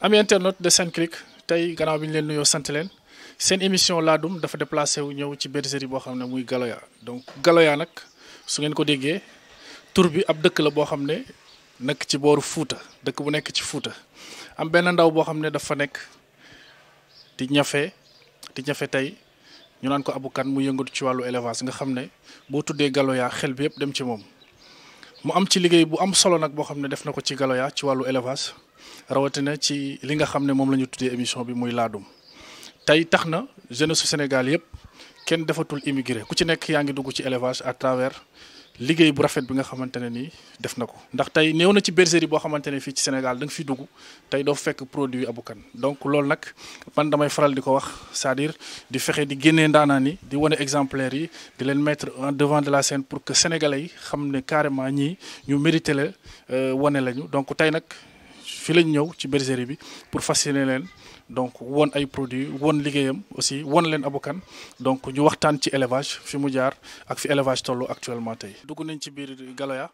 am internaute de Senclic tey gannaaw bi ñu leen nuyoo sant leen seen émission laadum dafa déplacé wu ñëw ci bergerie boo xam ne muy Galoya donc Galoya nag su ngeen ko déggee tur bi ab dëkk la boo xam ne nag ci booru Fuuta dëkk bu nekk ci Fuuta am benn ndaw boo xam ne dafa nekk di ñafe di ñafe tey ñu naan ko abukan mu yëngatu ci wàllu élevage nga xam ne boo tuddee Galoya xel bi yëpp dem ci moom mu am ci liggéey bu am solo nag boo xam ne def na ko ci Galoya ci wàllu élevage rawatina ci li nga xam ne moom la ñu tuddee émission bi muy laadum tey tax na jeunesse su Sénégal yëpp kenn defatul immigré ku ci nekk yaa ngi dugg ci élevage à travers liggéey bu rafet bi nga xamante ne nii def na ko ndax tey néew na ci bergerie boo xamante ne fii ci Sénégal da nga fi dugg tey doo fekk produit Aboukan donc loolu nag man damay faral di ko wax cest à di fexe di génnee ndaanaan ni di wane exemplaire yi di leen mettre en devant de la scène pour que sénégalais xam ne carrément ñii ñu mérité la euh, wane lañu donc tey nag fi lañ ñëw ci bergerie bi pour fasciner leen donc won ay produits won liggéeyam aussi won leen Aboukan donc ñu waxtaan ci élevage fi mu jaar ak fi élevage tollu actuellement tey. dugg nañ ci biir Galoya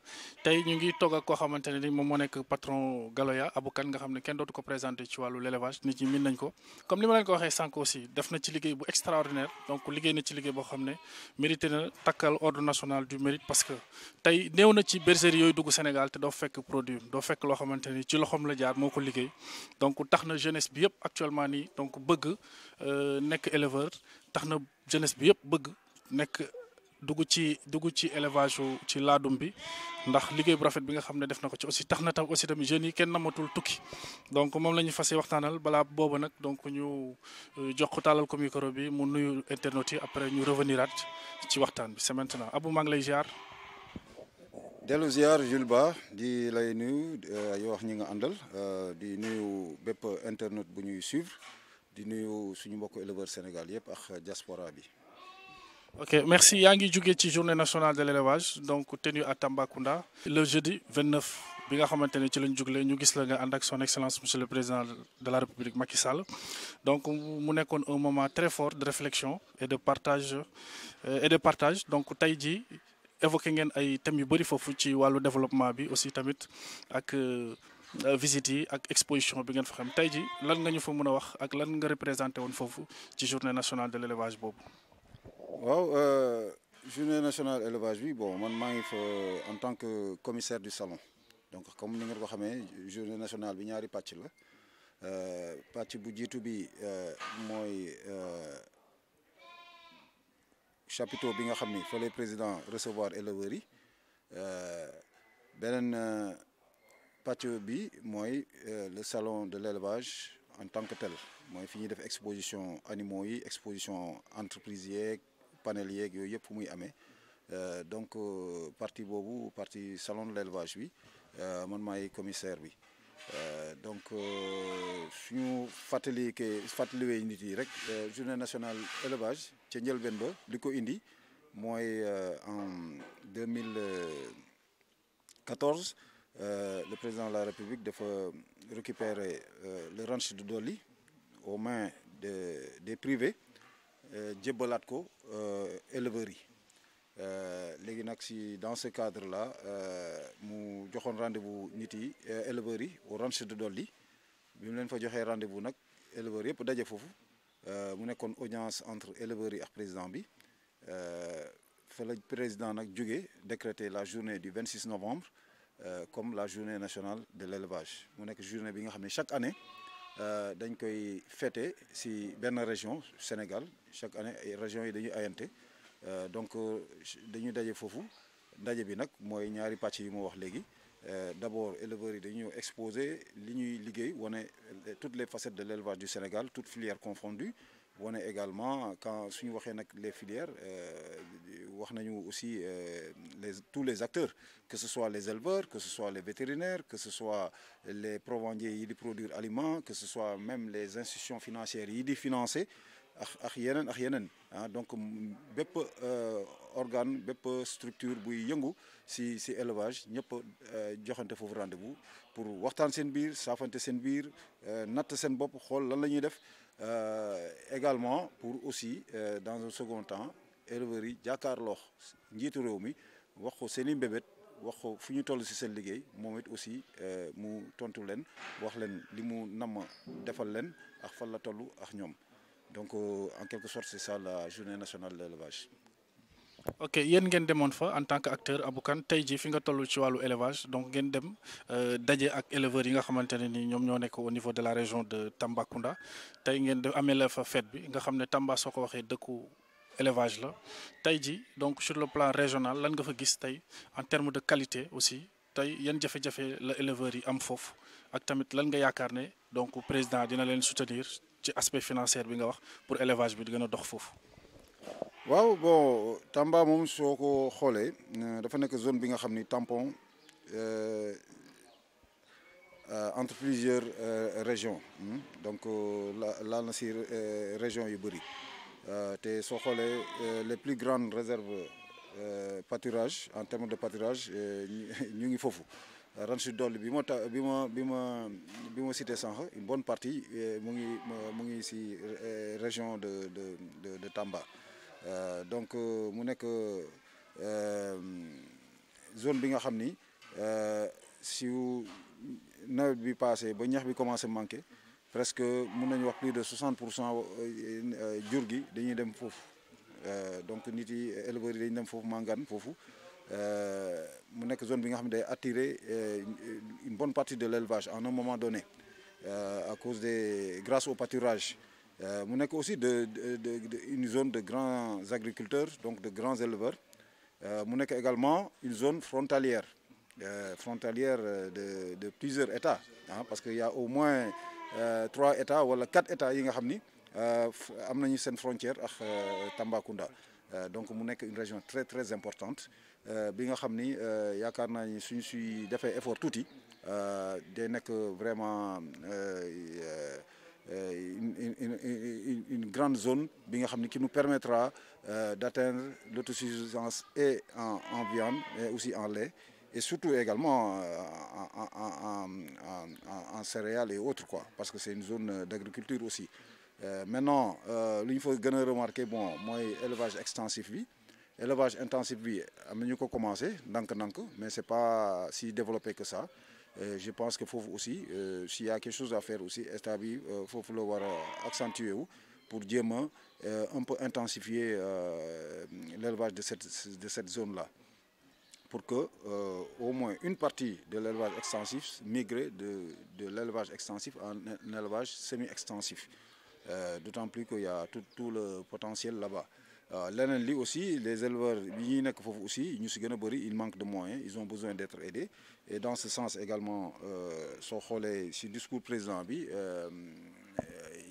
tey ñu ngi toog ak koo xamante ne ni moom moo nekk patron Galoya Abou Kane nga xam ne kenn dootu ko présenté ci wàllu l'élevage nit ñi min nañ ko comme ni ma leen ko waxee sànq aussi def na ci liggéey bu extraordinaire donc liggéey na ci liggéey boo xam ne mérité na takkal ordre national du mérite parce que tey néew na ci bergerie yooyu dugg Sénégal te doo fekk produit doo fekk loo xamante ni ci loxoom la jaar moo ko liggéey donc tax na jeunesse bi yëpp actuellement nii donc bëgg euh, nekk éleveur tax na jeunesse bi yëpp bëgg nekk dugg ci dugg ci élevage ci laadum bi ndax liggéey bu rafet bi nga xam ne def na ko ci aussi tax na tam aussi tamit jeunes yi kenn namatul tukki donc moom la ñu fas waxtaanal balaa booba nag donc ñu euh, jox ko taalal ko micro bi mu nuyu internautes yi après ñu reveniraat ci waxtaan bi c'est maintenant Abou maa ngi lay ziar. dellu ziar Jules Ba di lay nuyu euh, yow wax ñi nga àndal euh, di nuyu bépp internet bu ñuy suivre di nuyu suñu mbokku éleveur Sénégal yëpp ak diaspora bi. ok merci yaa ngi jóge ci journée nationale de l'élevage donc tenue à Tambacounda le jeudi 29 bi nga xamante ne ci lañ jugle ñu gis la nga ànd ak son excellence monsieur le président de la république Macky donc mu nekkoon un moment très fort de réflexion et de partage euh, et partage donc tey jii évoqué ngeen ay thèmes yu bëri foofu ci wàllu développement bi aussi tamit ak euh, euh, visite yi ak exposition bi ngeen fa xam tey ji lan nga ñu fa mën a wax ak lan nga représenté woon foofu ci journée nationale de l'élevage boobu waaw euh, journée nationale élevage bi bon man maa ngi foo euh, en tant que commissaire du salon donc comme ni nga ko xamee journée nationale bi ñaari pàcc la euh, pàcc bu jiitu bi mooy chapito bi nga xam ni fa lay président recevoir éleveurs yi beneen pàcc bi mooy le salon de l'élevage en tant que tel mooy fi ñuy def exposition animaux yi exposition entreprise yeeg panel yeeg yooyu yëpp muy amee euh, donc euh, partie boobu partie salon de l'élevage bi euh, man maay commissaire bi donc suñu fàttali ke fàttaliwee nit yi rek journée nationale élevage ca njëlbeen ba li ko indi mooy en 2014 le président de la République dafa récupérer le ranch de Dolly au mains de des privés Euh, jébbalaat ko euh, éleveurs yi euh, léegi nag si dans ce cadre là mu joxoon rendez-vous nit yi éleveurs yi au ranch de Dolly bi mu leen fa joxee rendez-vous nag éleveurs yëpp daje foofu mu nekkoon audience entre éleveurs yi ak président bi fa la président nag jóge décrété la journée du 26 novembre comme la journée nationale de l'élevage mu nekk journée bi nga xam ne chaque année Euh, dañ koy fêter si benn région Sénégal chaque année ay régions yi dañuy ayante euh, donc euh, dañuy daje foofu ndaje bi nag mooy ñaari pàcc yu moo wax léegi d'abord éleveurs yi dañu exposer li ñuy liggéey wane toutes les facettes de l'élevage du Sénégal toute filières confondues wane également su ñu waxee nag les filières wax nañu aussi euh, les tous les acteurs que ce soit les éleveurs que ce soit les vétérinaires que ce soit les provendiers yi di produire aliments que ce soit même les institutions financières yi di financer ak ak yeneen ak yeneen ah donc bépp euh, organes bépp structure buy yëngu si si élevage ñëpp euh, joxante foofu rendez bu pour waxtaan seen biir safante seen biir natt seen bopp xool lan la ñuy def également pour aussi dans un second temps éleveurs yi jàkkaarloo njiitu réew mi wax ko seen mbébét wax ko fu ñu toll si seen liggéey moom it aussi euh, mu tontu leen wax leen li mu nama defal leen ak fan la toll ak ñoom donc euh, en quelque sorte c'est ça la journée nationale de l'élevage. ok yéen ngeen demoon fa en tant que acteur Abou kan tey ji fi nga toll ci wàllu élevage donc ngeen dem euh, daje ak éleveurs yi nga xamante ne ni ñoom ñoo nekk au niveau de la région de Tambacounda tey ngeen def amee la fa fête bi nga xam ne Tamba soo ko waxee dëkku. élevage la tey ji donc sur le plan régional lan nga fa gis tey en terme de qualité aussi tey yan jafe-jafe la éleveurs yi am foofu ak tamit lan nga yaakaar ne donc président dina leen soutenir ci aspect financier bi nga wax pour élévage bi di gën a dox foofu. waaw bon Tamba moom soo ko xoolee euh, dafa nekk zone bi nga xam ni tampon euh, euh, entre plusieurs régions hmm? donc la laal na si régions yu bëri. Euh, te soo xoolee euh, les plus grandes réserves euh, pâturage en termes de pâturage ñu ngi foofu ren si dolli bi ma ta bi ma bi ma bi ma cité sànq une bonne partie mu ngi mu ngi si région de de de de Tamba donc mu nekk zone bi nga xam ni si nawet bi passé ba ñax bi commencé manqué. presque mun nañu wax plus de 60 pour cent euh, jur gi dañuy dem foofu euh, donc nit yi éleveurs yi dañuy dem foofu Mangane foofu euh, mu nekk zone bi nga xam ne day attirer une bonne partie de l'élevage en un moment donné à cause des grâce au pâturage mu nekk aussi de une zone de grands agriculteurs donc de grands éleveurs mu nekk également une zone frontalière frontalière de de plusieurs États ah parce que y au moins Euh, trois états wala quatre états yi nga xam ni euh, am nañu seen frontière ak euh, Tambacounda donc mu nekk une région très très importante bi nga xam ni yaakaar naa ni suñ suy defee effort tuuti day nekk vraiment une une grande zone bi nga xam ni qui nous permettra d'atteindre l'autosuffisance et en en viande et aussi en lait. et surtout également euh, en, en, en, en, céréales et autres, quoi, parce que c'est une zone d'agriculture aussi. Euh, maintenant, euh, il faut bien remarquer, bon, moi, élevage extensif, oui. Élevage intensif, oui, nous avons commencé, donc, nank mais ce n'est pas si développé que ça. Et je pense que faut aussi, euh, s'il y a quelque chose à faire aussi, il faut le voir accentuer pour dire, euh, un peu intensifier euh, l'élevage de cette, de cette zone-là. pour que euh, au moins une partie de l'élevage extensif migre de, l'élevage extensif en élevage semi-extensif. Euh, d'autant plus qu'il y tout, tout le potentiel là-bas. Euh, leneen li aussi les éleveurs yi ñuy nekk foofu aussi ñu si gën a bëri il manque de moyens ils ont besoin d'être aidés et dans ce sens également euh, soo xoolee si discours président bi euh,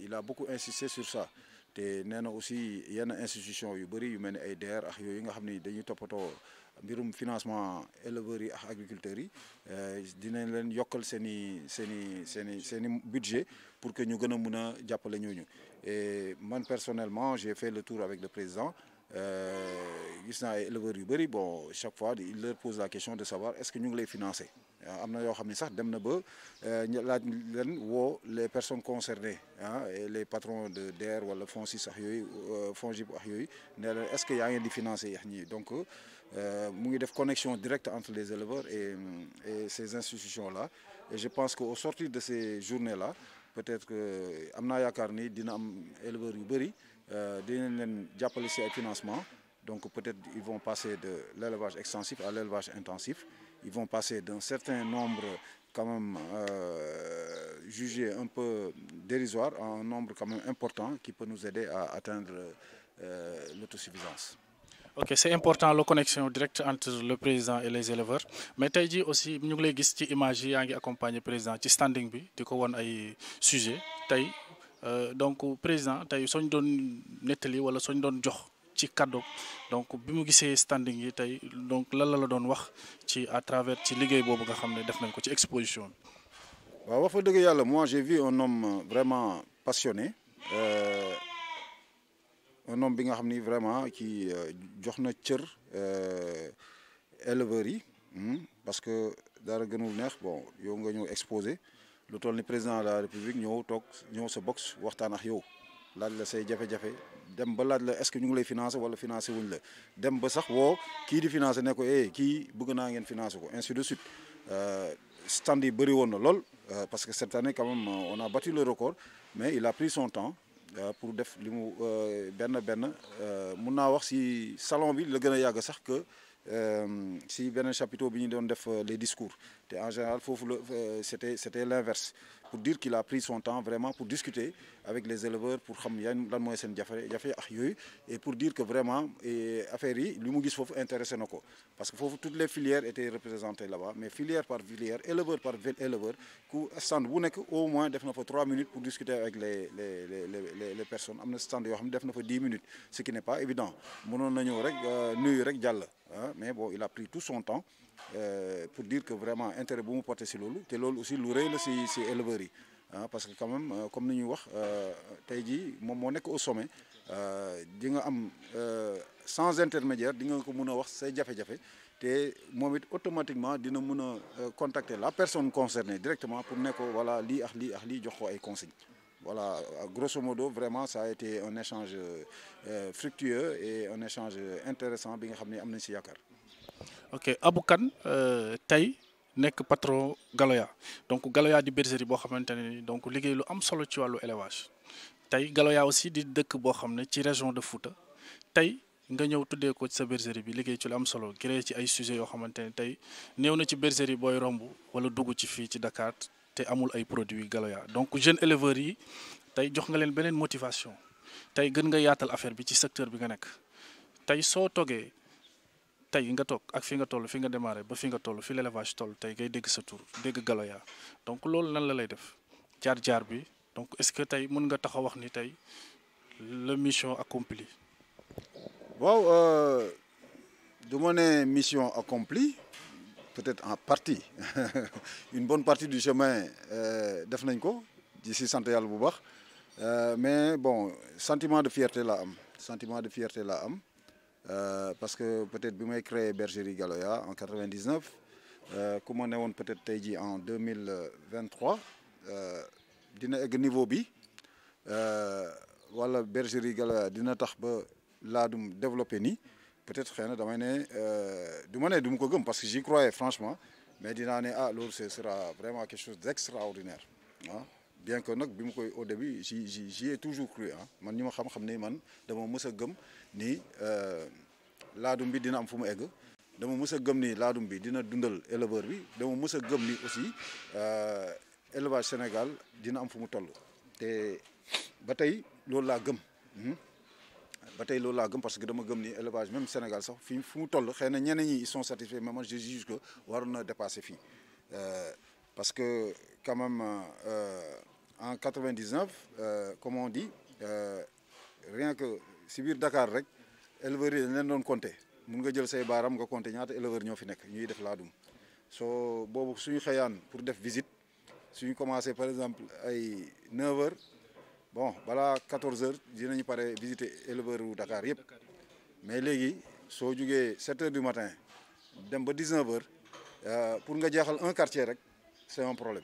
il a beaucoup insisté sur ça te nee na aussi yenn institution yu bëri yu mel ni ay DER ak yooyu nga xam ni dañuy toppatoo mbirum financement éleveurs yi ak agriculteurs yi dinañ leen yokkal seen i seen i seen i seen i budget pour que ñu gën a mun a jàppale ñooñu et man personnellement j'ai fait le tour avec le président gis naa ay éleveurs yu bëri bon chaque fois il leur pose de savoir est-ce que ñu ngi lay financer am na yoo xam ni sax dem na ba laaj leen woo les personnes concernées ah et les patrons de DER wala FONSIS sax yooyu FONGIP ak yooyu ne leen est-ce que yaa ngeen di financer yax ñi donc Euh, mu ngi def connexion directe entre les éleveurs et et ces institutions là et je pense que au sortir de ces journées là peut-être que euh, am naa yaakaar ni dina am éleveurs yu bëri euh, dinañ leen jàppale ci financement donc peut-être ils vont passer de l'élevage extensif à l'élevage intensif ils vont passer d'un certain nombre quand même euh, jugé un peu dérisoire un nombre quand même important qui peut nous aider à atteindre euh, l'autosuffisance ok c' est important la connexion directe entre le président et les éleveurs mais tey jii aussi ñu ngi lay gis ci image yi yaa ngi accompagner président ci standing bi di ko won ay sujet tey euh, donc président tey soo ñu doon nettali wala soo ñu doon jox ci kàddu donc bi mu gisee standing yi tey donc lan la la doon wax ci à travers ci liggéey boobu nga xam ne def nañ ko ci exposition bi. waaw wax fa dëgg yàlla moi j'ai vu un homme vraiment passionné. Euh... un homme bi nga xam ni vraiment ci euh, jox na cër euh, éleveurs yi hmm, parce que dara gënul neex bon yow nga ñëw exposé lu toll ni président de la république ñëw toog ñëw sa box waxtaan ak yow laaj la say jafe-jafe dem ba laaj la est-ce que ñu ngi lay financé wala financé wuñ la dem ba sax woo kii di financé ne ko eh, kii bëgg naa ngeen financé ko ainsi de suite euh, stand yi bëri woon na lool parce que cette année quand même on a battu le record mais il a pris son temps Euh, pour def li mu euh, benn benn euh, mun naa wax si salon bi la gën a yàgg sax que si beneen chapiteau bi ñu doon def les discours te en général foofu la euh, c'était c'était l'inverse pour dire qu'il a pris son temps vraiment pour discuter avec les éleveurs pour xam yan mooy seen jafe jafe ak yooyu et pour dire que vraiment affaire yi li mu gis foofu intéressé na ko parce que foofu toutes les filières étaient représentées là-bas mais filière par filière éleveur par éleveur ku stand bu nekk au moins def na fa trois minutes pour discuter avec les les les les personnes am na stand yoo xam ne def na fa dix minutes ce qui n'est pas évident mënoon na euh, mais bon il a pris son temps Euh, pour dire que vraiment intérêt bu mu porté si loolu te loolu aussi lu rëy la si si éleveurs yi ah parce que quand euh, comme ni ñuy wax euh, tey jii moom moo nekk au sommet di nga am sans intermédiaire di nga ko mun a wax say jafe-jafe te moom it automatiquement dina mun a contacter la personne concernée directement pour ne ko lii ak lii ak lii jox ko ay consignes. voilà grosso modo vraiment ça a été un échange fructueux et un échange intéressant bi nga xam ne am nañ si yaakaar. ok Abou Kane euh, tey nekk patron Galoya donc Galoya di bergerie boo xamante ne donc liggéey lu am solo ci wàllu élevage tey Galoya aussi di dëkk boo xam ne ci région de Fouta tey nga ñëw tuddee ko ci sa bergerie bi liggéey ci lu am solo créé ci ay sujets yoo xamante ne tey néew na ci bergerie booy romb wala dugg ci fii ci Dakar te amul ay produits Galoya donc jeunes éleveurs yi tey jox nga leen beneen motivation tey gën nga yaatal affaire bi ci secteur bi nga nekk tey nga toog ak fi nga toll fi nga démarré ba fi nga toll fi l'élevage toll tey ngay dégg sa tur dégg Galoya donc loolu nan la lay def jaar-jaar bi donc est-ce que tey mun nga taxa wax ni tey la mission accomplie. waaw euh, du ma ne mission accomplie peut-être en partie une bonne partie du chemin euh, def nañ ko di si sant yàlla bu baax euh, mais bon sentiment de fierté laa am sentiment de fierté laa am. Euh, parce que peut-être bi may créé bergerie Galoya en 99 euh, ku ma ne woon peut-être tey jii en 2023 euh, dina egg niveau bi wala bergerie Galoya dina tax ba laadum développé nii peut-être xëy na damay ne du ma ne du ko gëm parce que j'y croyais franchement mais dinaa ne ah loolu ce sera vraiment quelque chose d'extraordinaire ah bien que nag bi mu koy au début j'y j'y j'y toujours cru ah man ñi ma xam-xam ne man dama mës a gëm ni euh, laadum bi dina am fu mu egg dama mës gëm ni laadum bi dina dundal éleveur bi dama mës gëm ni aussi euh, élevage Sénégal dina am fu mu toll te ba tey loolu laa gëm hmm? ba tey loolu laa gëm parce que dama gëm ni élevage même Sénégal sax fi fu mu toll xëy na ñeneen ñi ils sont satisfaits mais man je juge waroon na dépasser fii euh, parce que quand même euh, en 99 euh, comme on dit rien que si biir Dakar rek éleveurs yi dañ leen doon compter mun nga jël say baaram nga compter ñaata éleveurs ñoo fi nekk ñuy def laadum soo boobu suñu xëyaan pour def visite ñu commencé par exemple ay 9h bon balaa 14h dinañu pare visiter éleveurs wu Dakar yëpp mais léegi soo jugee 7h du matin dem ba 19h euh, pour nga jeexal un quartier rek c'est un problème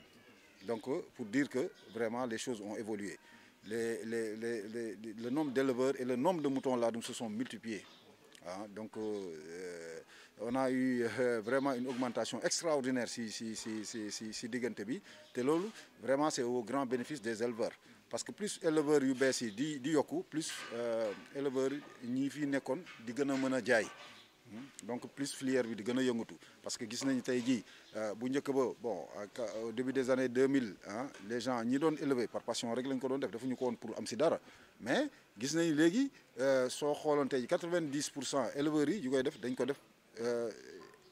donc pour dire que vraiment les choses ont évolué. les, les, les, les, le nombre d'éleveurs et le nombre de moutons là donc, se sont multipliés. Ah, donc, euh, euh, on a eu euh, vraiment une augmentation extraordinaire si, si, si, si, si, si diggante bi te loolu vraiment c'est au grand bénéfice des éleveurs parce que plus éleveurs yu bees yi di di yokku plus euh, éleveurs ñi fi nekkoon di gën a mën a jaay hmm? donc plus filière bi di gën a yëngatu parce que gis nañu tey jii Euh, bu njëkk ba bon euh, au début des années 2000 ah les gens ñi doon élevé par passion rek lañ ko doon def defuñu ko woon pour am si dara mais gis nañu léegi euh, soo xooloon tey 90 pour cent éleveurs yi yu koy def dañ ko def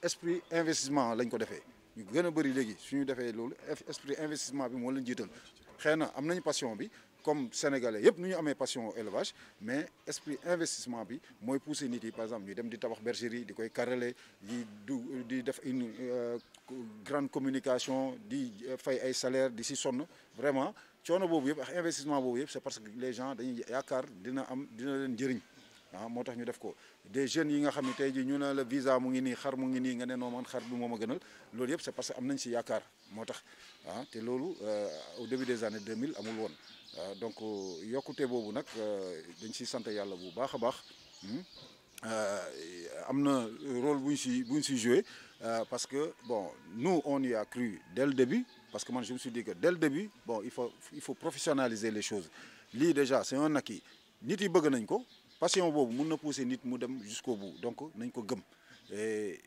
esprit investissement lañ ko defee ñu gën a bari léegi su ñu defee loolu esprit investissement bi moo leen jiital xëy na am nañu passion bi comme sénégalais yëpp nu ñu amee passion élevage mais esprit investissement bi mooy pousser nit yi par exemple ñu dem di tabax bergerie di koy carreler di du di def une euh, grande communication di euh, fay ay salaire di si sonn vraiment coono boobu yëpp a investissement boobu yëpp c'est parce que les gens dañuy yaakaar dina am dina leen njëriñ ah moo tax ñu def ko des jeunes yi nga xam ne tey jii ñu ne la visa mu ngi nii xar mu ngi nii nga ne noo man xar bi moo ma loolu yëpp c'est parce que am nañ si moo tax ah te loolu euh, au début des années 2000 amul woon Euh, donc euh, yokkute boobu nag euh, dañ siy sant yàlla bu baax a baax hmm? am na rôle bu ñu si bu ñu si joué parce que bon nous on y a cru dès début parce que man je me suis dit que dès début bon il faut il faut professionnaliser les choses lii déjà c'est un yi nit yi bëgg nañ ko passion boobu mun na pousser nit mu dem jusqu'au bout donc nañ ko gëm et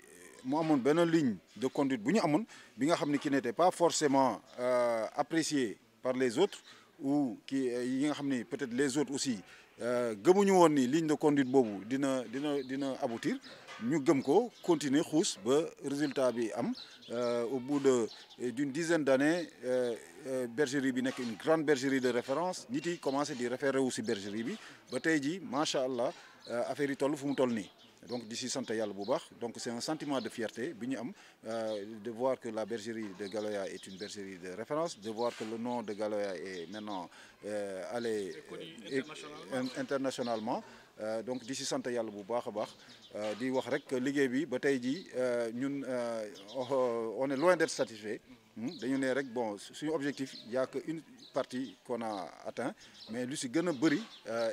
mu amoon benn ligne de conduite bu ñu amoon bi nga xam ne qui n'était pas forcément euh, appréciée par les autres ou kii yi nga xam ni peut-être les autres aussi euh, gëmuñu woon ni ligne de conduite boobu dina dina dina aboutir ñu gëm ko continuer xuus ba résultat bi am euh, au bout de d'une dizaine d'années euh, bergerie bi nekk une grande bergerie de référence nit yi commencé di référé aussi si bergerie bi ba tey ji macha allah affaire yi toll fu mu toll nii. donc di si sant yàlla bu baax donc c'est un sentiment de fierté bi ñu am euh, de voir que la bergerie de Galoya est une bergerie de référence de voir que le nom de Galoya est maintenant euh, allé euh, internationalement euh, donc di si sant yàlla bu baax a baax di wax rek liggéey bi ba tey jii ñun oh, oh, on est loin de satisfait hmm? dañu ne rek bon suñu objectif y a que une partie qu'on a mais lu si gën a bëri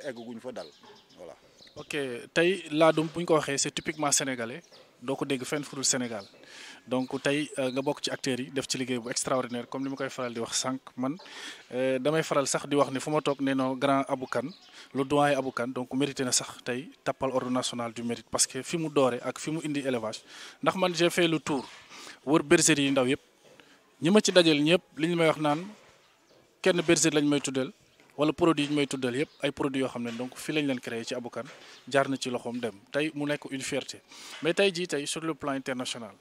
eggaguñ fa dal voilà. ok tey laadum bu ñu ko waxee c'est typiquement sénégalais doo ko dégg fenn fudul Sénégal donc tey euh, nga bokk ci acteur yi def ci liggéey bu extraordinaire comme li ma koy faral di wax sànq man euh, damay faral sax di wax ni fu ma toog nee noo grand Abou Kane le doyen Abou Kane donc mérité na sax tey tappal ordre national du mérite parce que fi mu doore ak fi mu indi élevage ndax man j'ai fait le tour wër bergerie yi ndaw yëpp ñi ma ci dajal ñëpp li ñu may wax naan kenn bergerie lañ may tuddeel wala produit yi ñu may tuddal yëpp ay produit yoo xam ne donc fii lañ leen créé ci Aboukan jaar na ci loxoom dem tey mu nekk une mais tey jii tey sur le plan international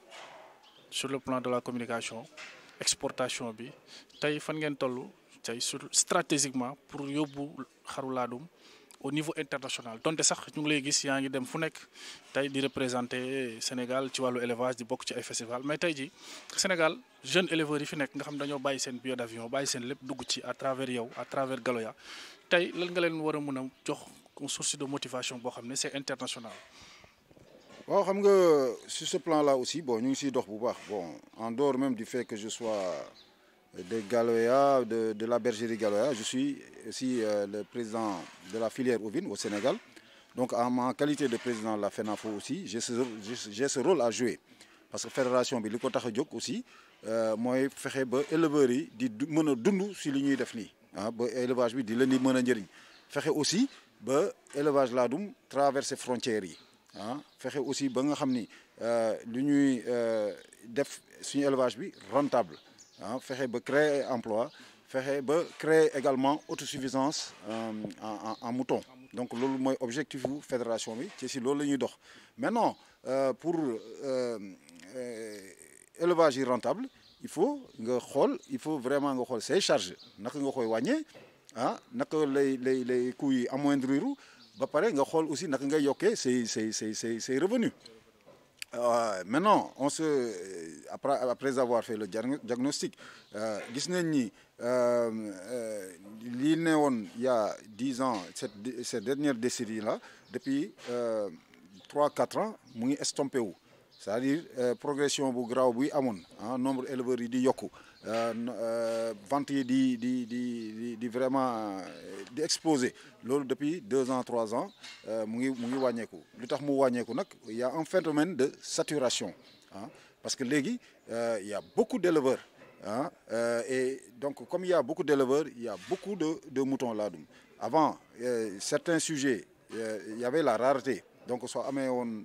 sur le plan de la communication exportation bi tey fan ngeen toll tey sur stratégiquement pour yóbbu xaru laadum au niveau international donte sax ñu ngi lay gis yaa ngi dem fu nekk tey di représenter Sénégal ci wàllu élevage di bokk ci ay festival mais tey ji Sénégal jeune éleveurs yi fi nekk nga xam dañoo bàyyi seen billet d'avion bàyyi seen lépp dugg ci à travers yow à travers Galoya tey lan nga leen war a mën a jox une de motivation boo xam ne c'est international. waaw xam nga sur ce plan là aussi bon ñu ngi siy dox bu baax bon en dehors même du fait que je sois. de Galoya, de, de, la bergerie Galoya. Je suis aussi euh, le président de la filière ovine au Sénégal. Donc en ma qualité de président de la FENAFO aussi, j'ai ce, ce, rôle à jouer. Parce que la fédération, bi ko taxa jóg aussi euh, mooy fexe ba éleveurs yi di mën a dund si lu ñuy def nii ah ba élevage bi di leen di mën a njëriñ fexe aussi ba élevage laadum traverser frontières yi ah fexe aussi ba nga xam ni euh, lu ñuy def suñu élevage bi rentable ah fexe ba créer emploi fexe ba créer également autosuffisance euh, en en mouton donc loolu mooy objectif bu fédération bi ci si loolu la ñuy dox maintenant euh, pour euh, élevage yi rentable il faut nga xool il faut vraiment nga xool say charges naka nga koy wàññee ah naka lay lay lay coûts yi amoindrir ba pare nga xool aussi naka ngay yokkee say say say say say revenus Euh, maintenant on se euh, après après avoir fait le diagnostic euh, gis nañ ni euh, lii ne woon il y ans cette cette dernière décennie là depuis trois quatre ans mu ngi estompé wu c'est-à-dire progression bu graw buy amoon ah nombre éleveurs yi di yokku Euh, euh, ventes yi di di di di di vraiment euh, di exposé loolu depuis deux ans trois ans mu ngi mu wàññeeku lu tax mu wàññeeku nag y un phénomène de saturation ah parce que léegi y a beaucoup d'éleveurs ah et donc comme il y a beaucoup d'éleveurs il y a beaucoup de de moutons laadum avant certains sujets y avait la rareté donc soo amee woon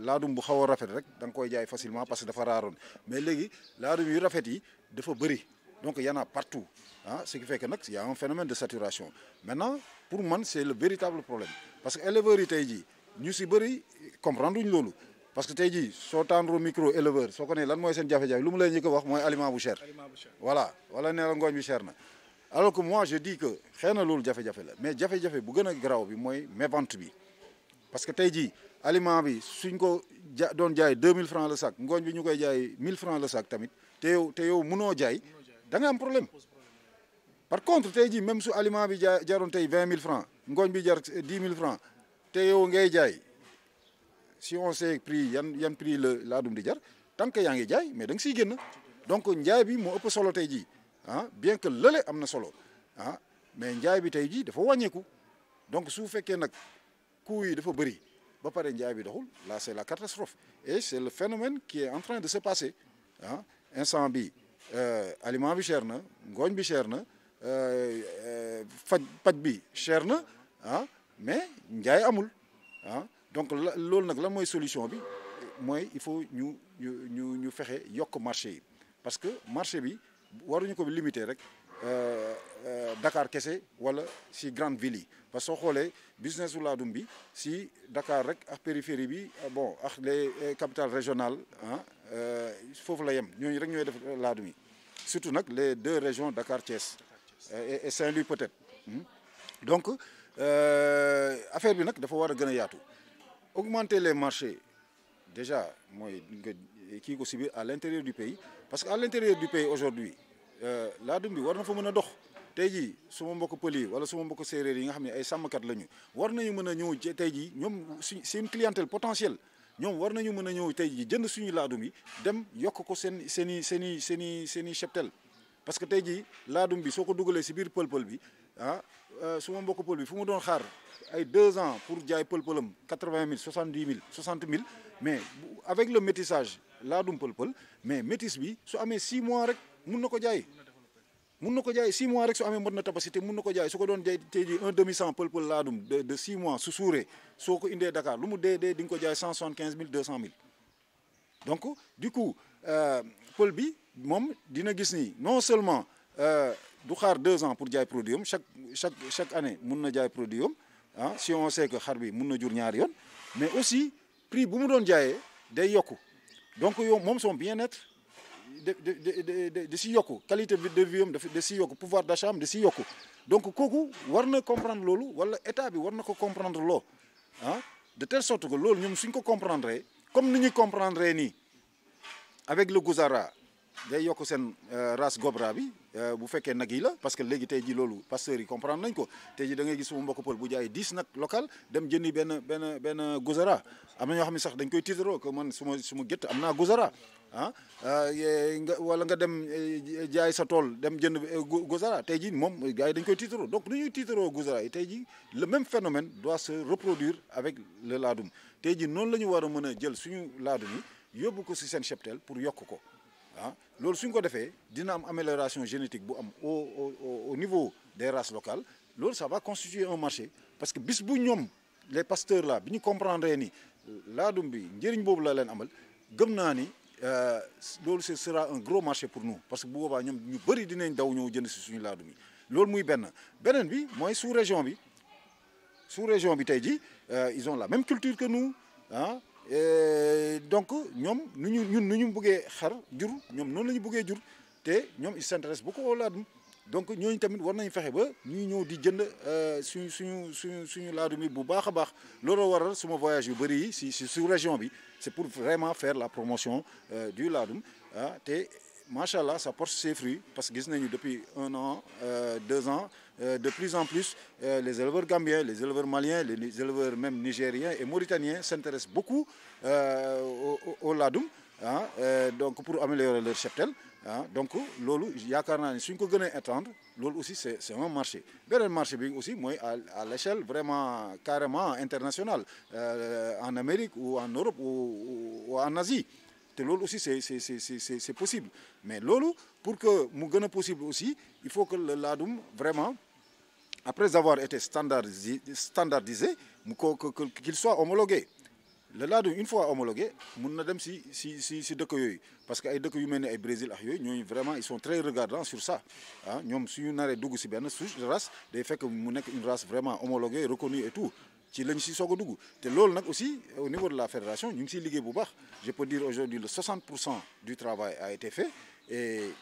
laadum bu xaw a rafet rek da koy jaay facilement parce que dafa raaroon mais léegi laadum yu rafet yi. dafa bëri donc y en a partout ah ce qui fait que nag y a un phénomène de saturation maintenant pour man c'est le véritable problème parce que éleveurs yi tey jii ñu si bëri comprendre uñ loolu parce que tey jii soo tendre micro éleveur soo ko ne lan mooy seen jafe-jafe lu mu leen ñu wax mooy aliment bu cher voilà wala nee la ngooñ bi cher na alors que moi je dis que xëy loolu jafe-jafe la mais jafe-jafe bu gën a garaaw bi mooy mévente bi parce que tey jii aliment bi suñ ko ja doon jaay 2000 francs le sac koy jaay 1000 francs le sac tamit te yow te yow mënoo jaay da nga am problème par contre tey ji même su aliment bi jaa jaroon tey vingt mille francs ngooñ bi jar dix mille francs te yow ngay jaay si on sait prix yan yan prix la laadum di jar tant yaa ngi jaay mais da nga siy génn donc njaay bi moo ëpp solo tey jii ah bien que lële am na solo ah mais njaay bi tey jii dafa wàññeeku donc su fekkee nag coût yi dafa bëri ba pare njaay bi doxul là c'est la catastrophe et c'est le phénomène qui est en train de se passer ah instant bi euh, aliment bi cher na ngooñ bi cher na euh, euh, faj paj bi cher na ah mais njaay amul ah donc la loolu nag lan mooy solution bi mooy il faut ñu ñu ñu ñu fexe yokk marché yi parce que marché bi waruñu ko limiter rek Dakar kese wala si grande ville yi parce que soo xoolee business u laadum bi si dakaar rek ak périphérie bi ah bon ak les capitales régionales ah foofu la yem ñooñu rek ñooy def laadum yi surtout nag les deux régions Dakar Thiès et Saint-Louis peut-être hmm? donc euh, affaire bi nag dafa war a gën a yaatu augmenter les marchés déjà mooy nga kii ko si biir à l'intérieur du pays parce que à l'intérieur du pays aujourd'hui euh, laadum bi war na fa mën a dox tey jii suma mbokk pël yi wala suma mbokk séeréer yi nga xam ne ay sàmmkat la ñu war nañu mën a ñëw tey jii ñoom c'est une clientèle potentielle ñoom war nañu mën a ñëw tey jii jënd suñu laadum yi dem yokk ko seen seeni i seen seeni seen i seen i cheptel parce que tey jii laadum bi soo ko dugalee si biir pël-pël bi ah euh, su ma mbokk pël bi fu ma doon xaar ay deux ans pour jaay pël-pëlam quatre-vingt mille soixante-dix mille soixante mille mais avec le métissage laadum pël-pël mais métis bi su amee six mois rek mun na ko jaay. mun na ko jaay 6 mois rek su amee mot na tabaski te mun na ko jaay su ko doon jaay tey jii un demi cent pël pël laadum de de mois su suuree soo ko indee Dakar lu mu dee dee di nga ko jaay 175 000 200 000 donc du coup euh, pël bi moom dina gis ni non seulement euh, du xaar deux ans pour jaay produit am chaque chaque année mun na jaay produit am ah si on sait xar bi mun na jur ñaari yoon mais aussi prix bu mu doon jaayee day yokk donc de da da si yokku qualité de vie am de da si yokku pouvoir d'achat am da si yokku donc kooku war na comprendre loolu wala état bi war na ko comprendre loo ah de telle sorte que loolu ñoom suñ ko comprendre comme ni ñu comprendre nii avec le Guzara day yokk seen euh, race Gobra bi euh, bu fekkee nag yi la parce que léegi tey ji loolu pasteurs yi comprendre nañ ko tey ji da ngay gis suma mbokk pël bu jaay dix nag local dem jëndi benn benn benn Guzara am na ñoo xam ne sax dañ koy tiitaroo que man su ma su ma am naa Guzara ah euh, nga wala nga dem eh, jaay sa tool dem jënd eh, gouzara tey jii moom gars yi dañ koy tiitaroo donc nu ñuy tiitaroo gouzara yi tey jii le même phénomène doit se reproduire avec le laadum tey jii noonu la ñu war a mën a jël suñu laadum yi yóbbu ko si seen cheptel pour yokk ko ah loolu suñ ko defee dina am amélioration génétique bu am au au au niveau des races locales loolu ça va constituer un marché parce que bis bu ñoom les pasteurs là bi ñu comprendre ni euh, laadum bi njëriñ boobu la leen amal gëm naa ni. Euh, loolu ce sera un gros marché pour nous parce que bu boobaa ñoom ñu bëri dinañ daw ñëw jënd si suñu laadum yi loolu muy benn beneen bi mooy sous région bi sous région bi tey ji euh, ils ont la même culture que nous ah donc ñoom nu ñu ñun nu ñu buggee xar jur ñoom noonu la ñu bëggee jur te ñoom ils s'intéressent beaucoup au laadum donc ñooñu tamit war nañu fexe ba ñuy ñëw di jënd euh, suñu suñu suñu suñu laadumi bu baax a baax looloo waral suma voyage yu bëri si si sous région bi c'est pour vraiment faire la promotion euh, du laadum ah te macha allah ça porte ses fruits parce que gis nañu depuis un an euh, deux ans de plus en plus les éleveurs gambiens les éleveurs maliens les éleveurs même nigériens et mauritaniens s'intéressent beaucoup au au laadum ah, donc pour améliorer leur cheptel ah donc loolu yaakaar naa ne suñ ko gën a loolu aussi c'est c'est un marché beneen marché bi aussi mooy à à l'échelle vraiment carrément internationale euh, en Amérique ou en Europe ou, ou en Asie te loolu aussi c'est c'est possible mais loolu pour que mu gën a possible aussi il faut que le laadum vraiment après avoir été standardisé standardisé mu ko qu'il soit homologué le laadum une fois homologué mun na dem si si si dëkk yooyu parce que ay dëkk yu mel ni ay Brésil ak yooyu ñooñu vraiment ils sont très regardants sur ça ah ñoom suñu naree dugg si benn souche de race day fekk mu nekk une race vraiment homologuée reconnue et tout ci lañ si soog a dugg te loolu nag aussi au niveau de la fédération ñu ngi siy liggéey bu baax je peux dire aujourd'hui le pour cent du travail a été fait et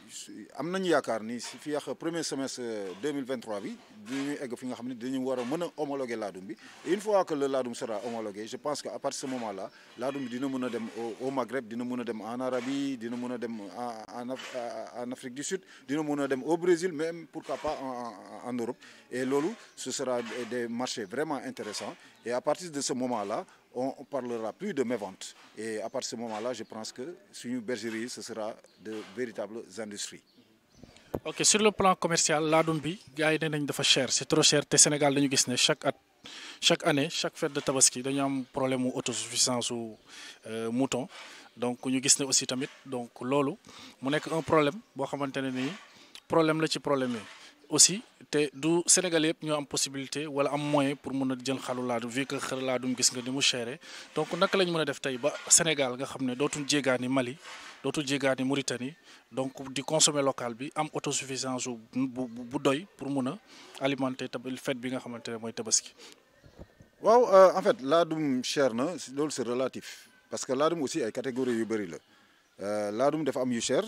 am nañu yaakaar ni si fi ak premier semestre 2023 bi dinañu egg fi nga xam ne dañu war a mën a homologuer laadum bi et une fois que le laadum sera homologué je pense que à partir de ce moment là laadum bi dina mën a dem au Maghreb dina mën a dem en Arabie dina mën a dem en en Afrique du Sud dina mën a dem au Brésil même pourquoi pas en Europe et loolu ce sera des marchés vraiment intéressants et à partir de ce moment la on ne parlera plus de mévente. Et à partir de ce moment-là, je pense que sur une bergerie, ce sera de véritables industries. ok sur le plan commercial laadum bi gars yi ne nañ dafa cher c'est trop cher te Sénégal dañu gis ne chaque at chaque année chaque fête de tabaski dañu am problème mu autosuffisance su euh, mouton donc ñu gis ne aussi tamit donc loolu mu nekk un problème boo xamante ne nii problème la ci problème yi. aussi te du Sénégal yëpp ñoo am possibilité wala am moyen pour mun a jël xalu laadum vu que gis nga ni mu chéré donc naka lañ mën a def tey ba Sénégal nga xam ne dootul jéegaani Mali dootul jéegaani Mauritanie donc di consommer local bi am autosuffisance bu bu doy pour mun a alimenter tabal bi nga xamante ne mooy tabaski. waaw euh, en fait laadum cher na loolu c'est relatif parce que laadum aussi ay catégories yu bëri la euh, laadum def am yu cher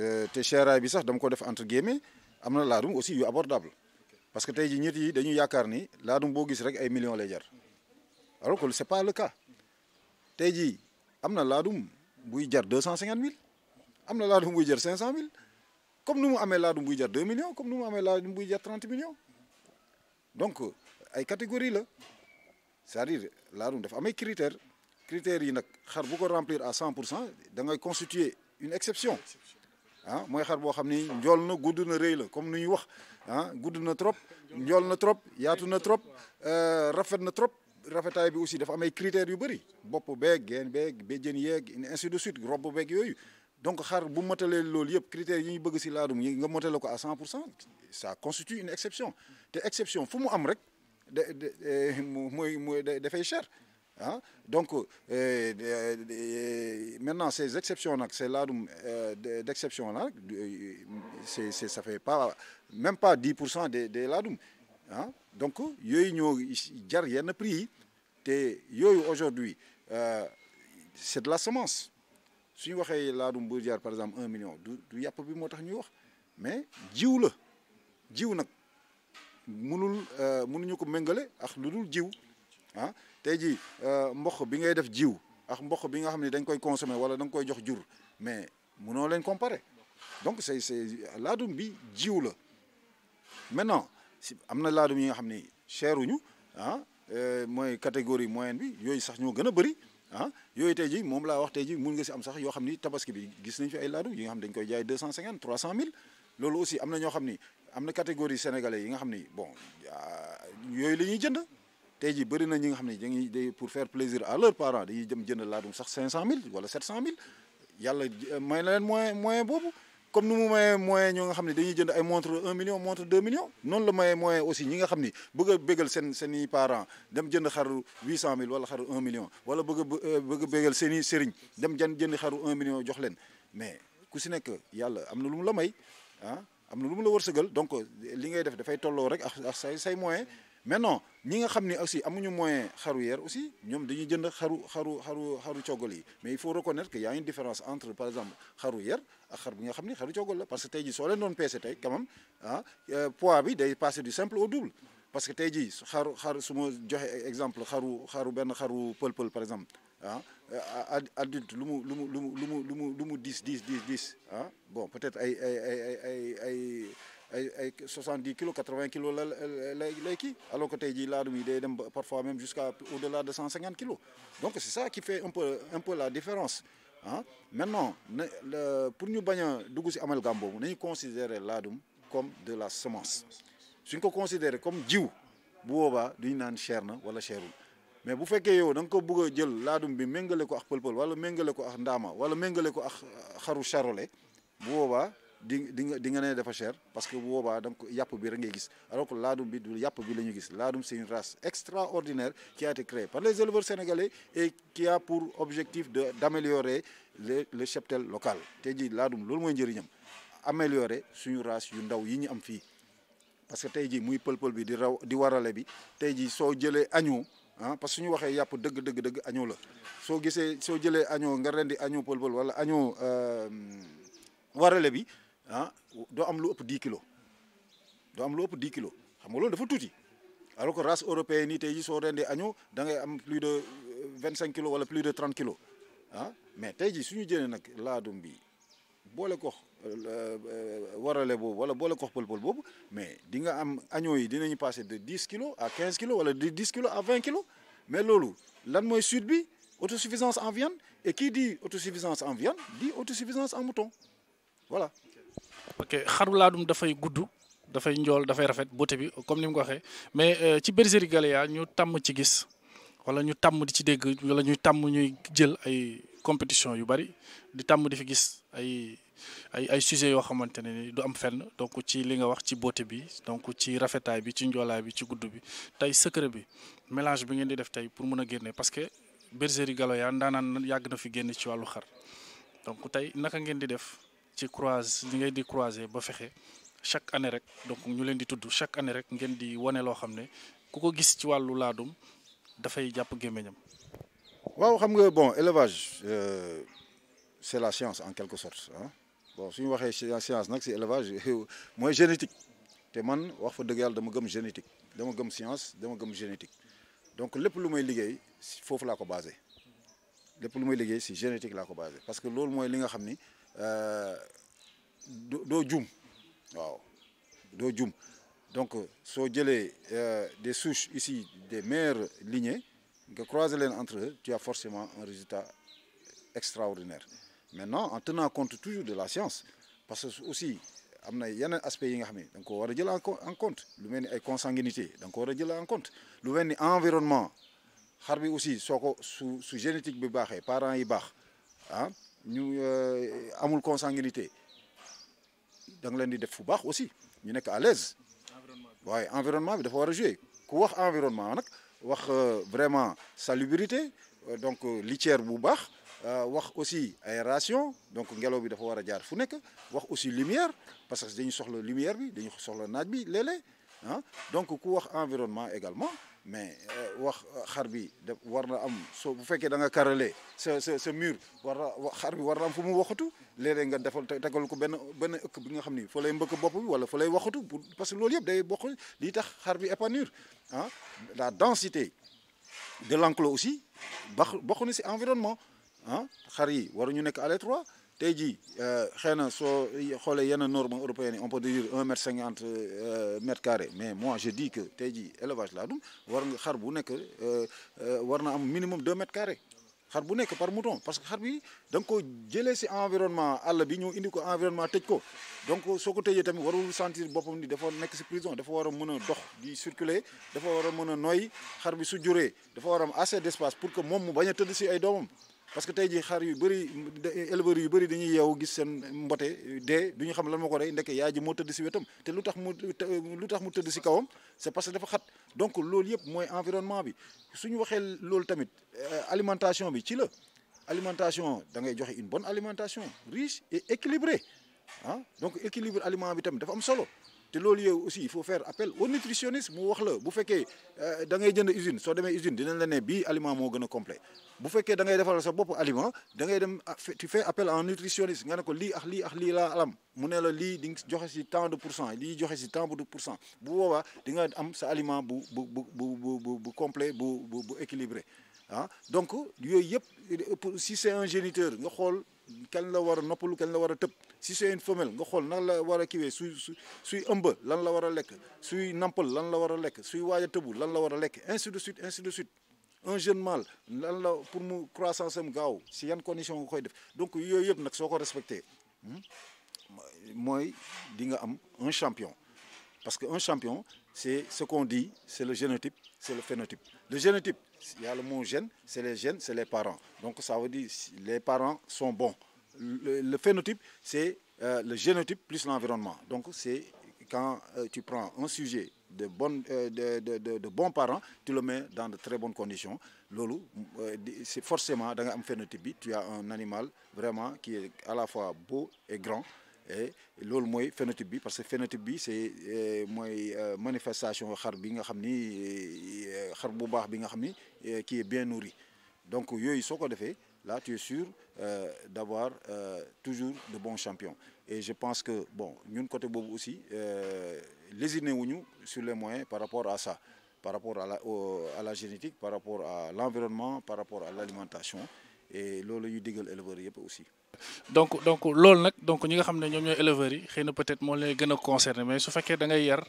euh, te cheraay bi sax dama ko def entre guillemets. am na laadum aussi yu abordable parce que tey jii ñit yi dañu yaakaar ni laadum boo gis rek ay millions lay jar alors que c'est pas le ka te jii am na laadum buy jar deux cent cinquante mille am na laadum buy jar cinq cent mille comme nu mu amee laadum buy jar deux millions comme nu amee laadum buy jar trente millions donc ay catégorie la c'est-à-dire laadum dafa amay critères critères yi nag xar bu ko remplir à cent pour cent da ngay constituer une exception ah mooy xar boo xam ni njool na gudd na rëy la comme nu ñuy wax ah gudd na trop njool na trop yaatu na trop euh, rafet na trop rafetaay bi aussi dafa am ay critères yu bëri bopp beeg geen beeg béjjën yeeg ainsi de suite robb beeg yooyu donc xar bu motalee loolu yëpp critères yi ñu bëgg si laadum yi nga motale ko à 100 pour cent ça constitue une exception te exception fu mu am rek de de euh, mooy mooy dafay chair ah donc euh, euh, euh, maintenant ces exceptions nag ces laadum d' exception là c'est c'est ça fait pas même pas 10 pour cent de des laadum ah donc yooyu ñoo jar yenn prix yi te yooyu aujourd'hui c' est de la semence su ñu waxee laadum bu jar par exemple un million du du yàpp bi moo tax ñu wax mais jiw la jiw nag mënul mënuñu ko méngale ak lu dul jiw ah tey jii euh, mboq bi ngay def jiw ak mboq bi nga xam ne dañ koy consommer wala da nga koy jox jur mais munoo leen comparer donc c'est c'est laadum bi jiw la maintenant si am na laadum yi nga xam ni cheruñu ah euh, mooy catégorie moyenne bi yooyu sax ñoo gën a bëri ah yooyu tey jii moom laa wax tey jii mun nga si am sax yoo xam ni tabaski bi gis nañ fi ay laadum yi nga xam dañ koy jaay deux cent cinquante trois cent mille loolu aussi am na ñoo xam ni am na catégorie sénégalais yi nga xam ni bon ah, yooyu la ñuy jënd. tey jii bëri na ñi nga xam ne dañuy day pour faire plaisir à leurs parents dañuy jëm jënd laadum sax 500000 wala 700000 yàlla euh, may na ni mu mayee moyen ñoo nga xam ne dañuy jënd ay montre 1 million montre 2 millions noonu la mayee moyen aussi ñi nga xam ni bëgg a bégal seen seen dem jënd xaru 800000 wala xaru 1 million wala bëgg a euh, bëgg a bégal seen i sëriñ dem jënd jënd xaru 1 million jox leen mais ku si nekk yàlla am na lu mu la may ah am na lu mu la wërsëgal donc li ngay def dafay tolloo rek ak say say moyen maintenant ñi nga xam ne aussi amuñu moyen xaru yeer aussi ñoom dañuy jënd xaru xaru xaru xaru coggal yi mais il faut reconnaître que y a une différence entre par exemple xaru yeer ak xar bi nga xam ne xaru coggal la parce que tey jii soo leen doon peese tey quand ah, euh, pois bi day passer du simple au double parce que tey jii xaru xaru su ma joxe exemple xaru xaru benn xaru pël-pël par exemple ah euh, adulte lu mu lu mu lu mu lu mu lu mu lu mu dix dix dix dix ah bon peut-être ay ay ay ay ay soixante dix kilos quatre kilos la lay lay kii alors que tey jii laadum yi day dem parfois même jusqu'à au delà de cent cinquante kilos donc c'est ça qui fait un peu un peu la différence maintenant pour ñu bañ a dugg si amalgame boobu nañu considérer laadum comme de la semence suñ ko considérer comme jiw bu boobaa ñu naan cher na wala cherul mais bu fekkee yow da nga ko bëgg jël laadum bi méngale ko ak pëlpël wala méngale ko ak ndaama wala méngale ko ak xaru charolais bu boobaa di di nga di nga ne dafa cher parce que bu boobaa da nga yàpp bi rek ngay gis alors que laadum bi du yàpp bi la ñu gis laadum c'est une race extraordinaire qui a été créée par les éleveurs sénégalais et qui a pour objectif de d'améliorer le le cheptel local tey jii laadum loolu mooy njëriñam améliorer suñu race yu ndaw yi ñu am fii parce que tey jii muy pël-pël bi di raw di warale bi tey jii soo jëlee agneau ah parce que ñu waxee yàpp dëgg dëgg dëgg agneau la soo gisee soo jëlee agneau nga rendi agneau pël-pël wala agneau euh, warale bi ah doo am lu ëpp di kilos doo am lu ëpp 10 kilos xam nga loolu dafa tuuti alors que race européenne yi tey jii soo rendee agneau da ngay am plus de euh, cinq kilos wala plus de 30 kilos ah mais tey jii suñu jëlee nag laa laadum bi boole kox euh, euh, warale boobu wala boole kox pël-pël boobu mais di nga am agneau yi dinañu passer de 10 kilos à 15 kilos wala de 10 kilos à kilo kilos mais loolu lan mooy suite bi autosuffisance en viande et qui dit autosuffisance en viande dit autosuffisance en mouton voilà parce que xaru laadum dafay gudd dafay njool dafay rafet beauté bi comme ni mu ko waxee mais euh, ci bergerie Galéa ñu tàmm ci gis wala ñu tàmm di ci dégg wala ñu tàmm ñuy jël ay compétition yu bari di tàmm di fi gis ay ay ay sujet yoo xamante ne ni du am fenn donc ci li nga wax ci beauté bi donc ci rafetaay bi ci njoolaay bi ci gudd bi tey secret bi mélange bi ngeen di def tey pour mun a génne parce que bergerie Galéa ndaanaan yàgg na fi génne ci wàllu xar donc tey naka ngeen di def. ci croise li ngeen di croiser ba fexe chaque année rek donc ñu leen di tudd chaque année rek ngeen di wane loo xam ne ku ko gis ci wàllu laadum dafay jàpp gémmiñam waaw xam nga bon élevage euh, c'est la science en quelque sorte ah bon su ñu waxee science nag si élevage mooy génétique te man wax fa dëgg yàlla dama gëm génétique dama gëm science dama gëm génétique donc lépp lu may liggéey foofu laa ko basé lépp lu may liggéey si génétique laa ko basé parce que loolu mooy li nga xam ni Euh, doo juum waaw doo juum donc soo jëlee euh, des souches ici des meilleures lignées nga croiser leen entre eux tu as forcément un résultat extraordinaire maintenant en tenant compte toujours de la science parce que aussi am na yeneen aspects yi nga xam ne da ko war a jël en compte lu mel ni ay consanguinité da nga ko war a jël en lu mel ni environnement xar bi aussi soo ko su su génétique bi baaxee parents yi baax ah ñu euh, amul consanguinité da nga leen di def fu baax aussi ñu nekk à l'aise waaye environnement bi dafa war a jouer ku wax environnement nag wax euh, vraiment salubrité euh, donc litière bu baax wax aussi aération donc ngelaw bi dafa war a jaar fu nekk wax aussi lumière parce que dañu soxla lumière bi dañu soxla naaj bi léeg ah donc ku wax environnement également mais euh, wax euh, xar bi da war na am soo bu fekkee danga nga karalee sa sa sa mur war na bi war am fu mu waxatu léeg nga defal tegal ko benn benn ëkk bi nga xam ni foo lay mbëkk bopp bi wala fa lay waxatu pour parce que loolu yëpp day bokk lii tax xar bi épanouir ah la densité de l'enclos aussi bokk na si environnement ah xar yi waruñu nekk à l'étroit tey jii euh, xëy na soo xoolee yenn normes européennes yi on peut dire un mètre cinquante euh, mètre carré mais moi je dis que tey jii élevage laa dum war nga xar bu nekk euh, war na am minimum deux mètres carrés xar bu nekk par mouton parce que xar bi da nga ko jëlee si environnement àll bi ñëw indi ko environnement tëj ko donc soo ko tëjee tamit warul sentir boppam ni dafa nekk si prison dafa war a mën a dox di circuler dafa war a mën a noyyi xar bi su juree dafa war a am assez pour que moom mu bañ a tëdd si ay doomam parce que tey ji xar yu bëri éleveurs yu bëri dañuy yeewu gis seen mbote dee du ñu xam lan moo ko rey ndeke yaay ji moo tëdd si wetam te lu tax mu lu tax mu tëdd si kawam c'est parce que dafa xat donc loolu yëpp mooy environnement bi suñu waxee loolu tamit euh, alimentation bi ci la alimentation da ngay joxe une bonne alimentation riche et équilibrée ah donc équilibre aliment bi tamit dafa am solo te loolu yow aussi il faut faire appel au nutritionniste mu wax la bu fekkee euh, da ngay jënd usine soo demee usine dinañ la bi bii aliment moo gën a complet bu fekkee da ngay defal sa bopp aliment da dem ah, tu fais appel à un nga ne ko lii ak li ak lii alam mu ne la lii di joxe si tant de pour cent lii joxe si tant de pour cent bu boobaa di nga am sa aliment bu bu bu bu bu bu complet bu bu bu équilibré ah donc yooyu yëpp si c'est un géniteur nga xool. kañ la war a noppalu kañ la war a tëb si c'est une femelle nga xool nan la war a kiwee suy su suy lan la war a lekk suy nampal lan la war a lekk suy waaj a tëbu lan la war a lekk ainsi de suite ainsi de suite un jeune mâle lan la pour mu croissance am gaaw si yan condition nga koy def donc yooyu yëpp nag soo ko respecté hmm, mooy di nga am un champion parce que un champion c'est ce qu'on dit c'est le génotype c'est le phénotype Le génotype, il y a le mot gène, c'est les gènes, c'est les parents. Donc ça veut dire les parents sont bons. Le, le phénotype, c'est euh, le génotype plus l'environnement. Donc c'est quand euh, tu prends un sujet de, bon euh, de, de, de, de, bons parents, tu le mets dans de très bonnes conditions. Lolo, euh, c'est forcément dans un phénotype, tu as un animal vraiment qui est à la fois beau et grand. e loolu mooy phénotype bi parce que phénotype bi c'est eh, mooy euh, manifestation xar bi nga xam ni eh, xar bu baax bi nga xam ni qui est bien nourri donc yooyu soo ko defee là tu es sûr euh, d'avoir euh, toujours de bon champion et je pense que bon ñun côté boobu aussi euh, wu ñu sur les moyens par rapport à ça par rapport à la au, à génétique par rapport à l'environnement par rapport à l'alimentation et loolu la ñuy digal éleveurs yëpp aussi donc donc loolu nag donc ñi nga xam ne ñoom ñooy éleveurs yi xëy na être moo lay gën a concerné mais su fekkee da yar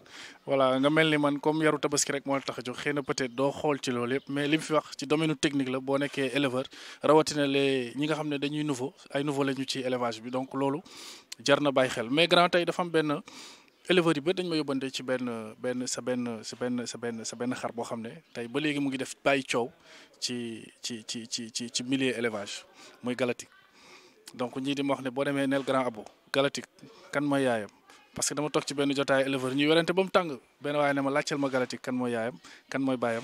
voilà nga mel ni man comme yaru tabaski rek moo la tax a jóg xëy na peut-être doo xool ci loolu yëpp mais li mu fi wax ci domaine technique la boo nekkee éleveur rawatina les ñi nga xam ne dañuy nouveau ay nouveau la ci élevage bi donc loolu jar na bàyyi xel mais grand tey dafa am benn éleveurs yi ba dañ ma yóbbante ci benn benn sa benn sa benn sa benn sa benn xar boo xam ne tey ba léegi mu ngi def bàyyi coow ci ci ci ci ci ci milieu élevage muy Galati. donc ñii di ma wax ne boo demee neel grand abo galatique kan mooy yaayam parce que dama toog ci benn jotaay éleveur ñu werante ba mu tàng benn waaye ne ma laajteel ma galatique kan mooy yaayam kan mooy baayam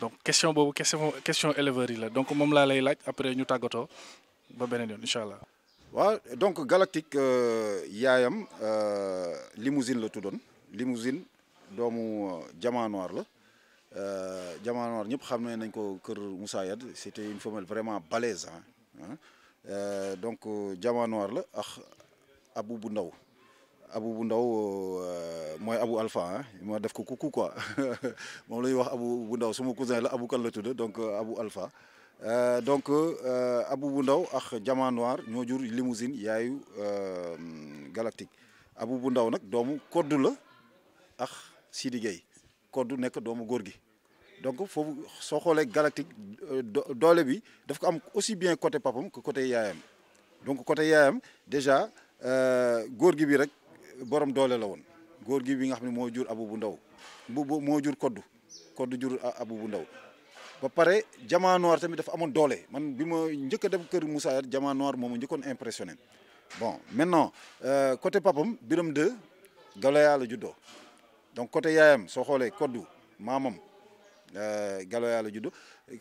donc question boobu question question éleveur yi la donc moom laa lay laaj après ñu tàggatoo ba beneen yoon incha allah. waaw donc galactique euh, yaayam euh, limousine la tuddoon limousine doomu Diamant euh, Noir la Diamant Noir ñëpp xam ne nañ ko kër Moussa Yade c' était une vraiment balèze ah Euh, donc jamaanoir euh, la ak abu bu ndaw abu bu ndaw euh, mooy abu alpha ah def ko kuku quoi moom la wax abu bu ndaw suma cousin la abu kan la tudd donc abu alpha donc abu bu ndaw ak jamaanoir ñoo jur limousine yaayu galactique abu bu ndaw nag doomu koddu la ak Sidi Gueye koddu nekk doomu góor gi donc foofu soo xoolee galactique euh, doole bi daf ko am aussi bien côté papam que côté yaayam donc côté yaayam déjà euh, góor gi bi rek borom doole la woon góor gi bi nga xam ne moo jur abu bu ndaw bu moo jur koddu koddu jur abu bu ndaw ba pare jamaa noir tamit dafa amoon doole man bi ma njëkk a dem kër musa Yat jamaa noir moo njëkkoon impressionné bon maintenant euh, côté papam Biram de Galoya la juddoo donc côté yaayam soo xoolee koddu maamam Euh, Galoya la judd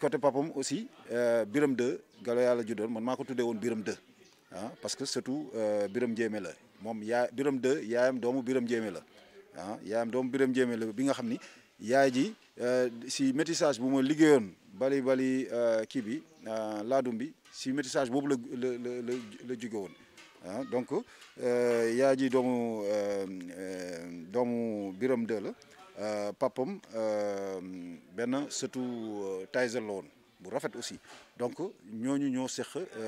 côté papam aussi euh, Biram 2 Galoya la juddoon man maa ko tuddee woon Biram 2 ah parce que surtout euh, Biram Jéeme la moom yaa Biram 2 yaayam doomu Biram Jéeme la ah yaayam doomu Biram Jéeme la bi nga xam ni yaay ji si métissage bu ma liggéeyoon bali bali kii bi laadum bi si métissage boobu la la la woon ah donc yaay ji doomu doomu Biram 2 la. Euh, papam euh, benn surtout euh, Taïzel la woon bu rafet aussi donc ñooñu ñoo seq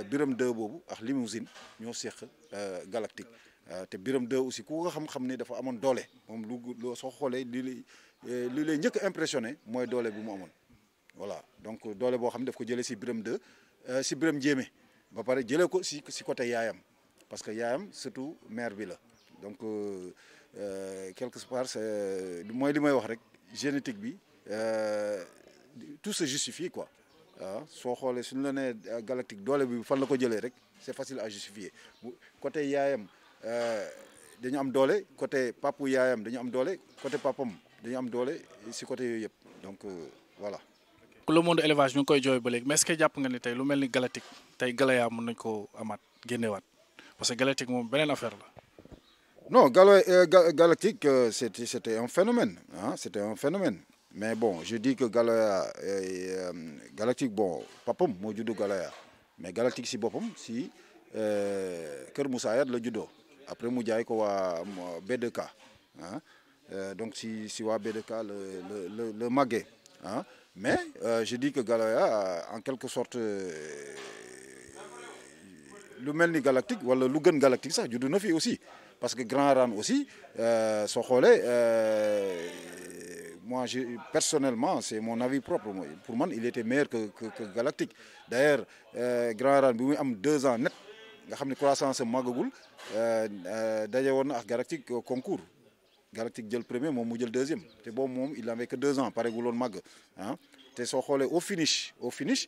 biram 2 boobu ak limousine ñoo seq galactique te biram 2 aussi ku ko xam-xam ni dafa amoon doole moom lu loo soo xoolee li li lay njëkk impressionné mooy doole bi mu amoon voilà donc doole boo xam ne daf ko jëlee si biram 2 si biram njéemé ba pare jëlee ko si si côté yaayam parce que yaayam surtout mère bi la donc euh, euh, quelque part c'est mooy li may wax rek génétique bi euh, tout se justifie quoi ah soo xoolee su suñu la nee galactique doole bi fan la ko jëlee rek c'est facile à justifier côté yaayam dañu am doole côté papu yaayam dañu am doole côté papam dañu am doole si côté yooyu yëpp donc voilà. le monde élevage ñu ngi koy jooy ba léegi mais est-ce jàpp nga ni tey lu mel ni galactique tey galaya mën nañ ko amaat génneewaat parce que galactique moom beneen affaire la. Non, Galo euh, Galactique, euh, c'était un phénomène. Hein, c'était un phénomène. Mais bon, je di que Galaya, euh, euh, Galactique, bon, papam, moi judo Galaya. Mais Galactique, si boppam si kër Ker Moussaïad le judo. Après, moi j'ai quoi BDK. Hein? donc, si, si wa BDK, le, le, le, le magué. Hein? Mais euh, je dis que Galaya, en quelque sorte, le Melni Galactique, ou le Lugan Galactique, ça, judo neuf aussi. parce que Grand Rame aussi euh, soo xoolee euh, moi je personnellement c'est mon avis propre pour man il était meilleur que que, Galactique d'ailleurs euh, Grand Rame bi muy am deux ans net nga xam ne croissance am màggagul daje woon na ak Galactique concours. Galactique jël premier moom mu jël deuxième te boobu moom il avait que deux ans pareguloon màgg ah te soo xoolee au finish au finish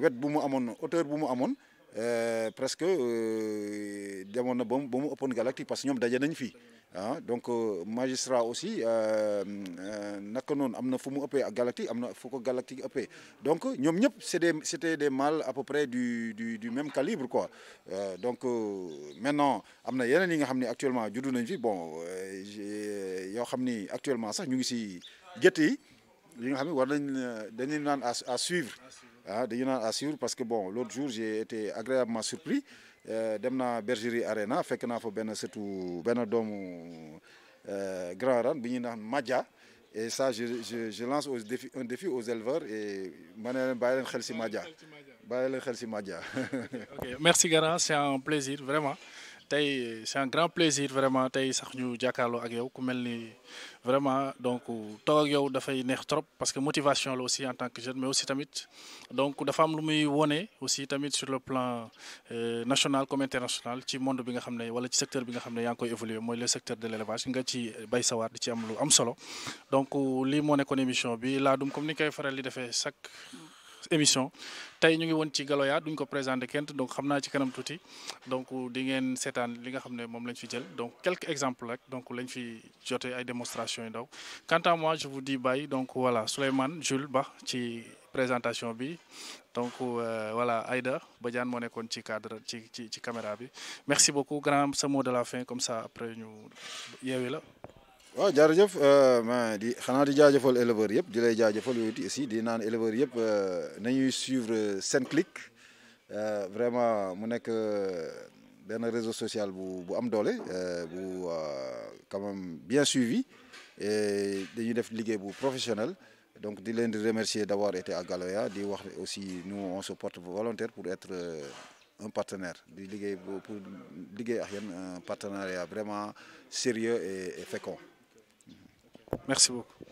wet bu mu amoon hauteur bu mu amoon. Euh, presque euh, demoon na ba mu ba mu ëppoon galactique parce que ñoom daje nañ fii ah donc euh, magistrat aussi naka noonu am na fu mu ëppee ak galactique am na fu ko galactique ëppee donc ñoom ñëpp c'est des c'était des mâles à peu près du du du même calibre quoi donc maintenant am na yeneen yi nga xam ne actuellement juddu nañ fi bon yoo xam ni actuellement sax ñu ngi si gétt yi yi nga xam ne war nañ dañuy naan à suivre ah dañu naan à parce que bon l'autre jour j'ai été agréablement surpris euh, dem naa Bergerie Arena fekk naa fa benn surtout benn doomu euh, Grand Rane bi ñuy naan Madja et ça je je lance au défi un défi aux éleveurs et ma ne leen bàyyi leen xel si Madja bàyyi leen xel si Madja. merci Gara c'est un plaisir vraiment. tey c'est un grand plaisir vraiment tey sax ñu jàkkaarloo ak yow ku mel ni vraiment donc toog ak yow dafay neex trop parce que motivation la aussi en tant que jeune mais aussi tamit donc dafa am lu muy wone aussi tamit sur le plan euh, national comme international ci monde bi nga xam ne wala ci secteur bi nga xam ne yaa ngi koy évoluer mooy le secteur de l'élevage nga ci bay sawar ci am solo donc lii moo nekkoon émission bi Ladoum comme ni koy faral di émission tey ñu ngi woon ci Galoya duñ ko présenté kenn donc xam naa ci kanam tuuti donc di ngeen seetaan li nga xam ne moom lañ fi jël donc quelques exemple rek donc lañ fi jote ay démonstration yu ndaw quant à moi je vous dis bye donc voilà Souleymane Jules Ba ci présentation bi donc wala euh, ayda Aïda Badiane moo nekkoon ci cadre ci ci ci caméra bi merci beaucoup grand sa mot de la fin comme ça après ñu yeewi la waaw jaarëjëf euh, ma di xanaa di jaajëfal éleveurs yëpp di lay jaajëfal yooyu aussi di naan éleveurs yëpp euh, nañuy suivre Senclic euh, vraiment mu nekk benn réseau social bu bu am doole bu quand même bien suivi et dañuy def liggéey bu professionnel donc di leen di remercier d'avoir été à Galoya di wax aussi nous on se porte volontaire pour être un partenaire di liggéey pour liggéey ak yéen un partenariat vraiment sérieux et fécond Merci beaucoup.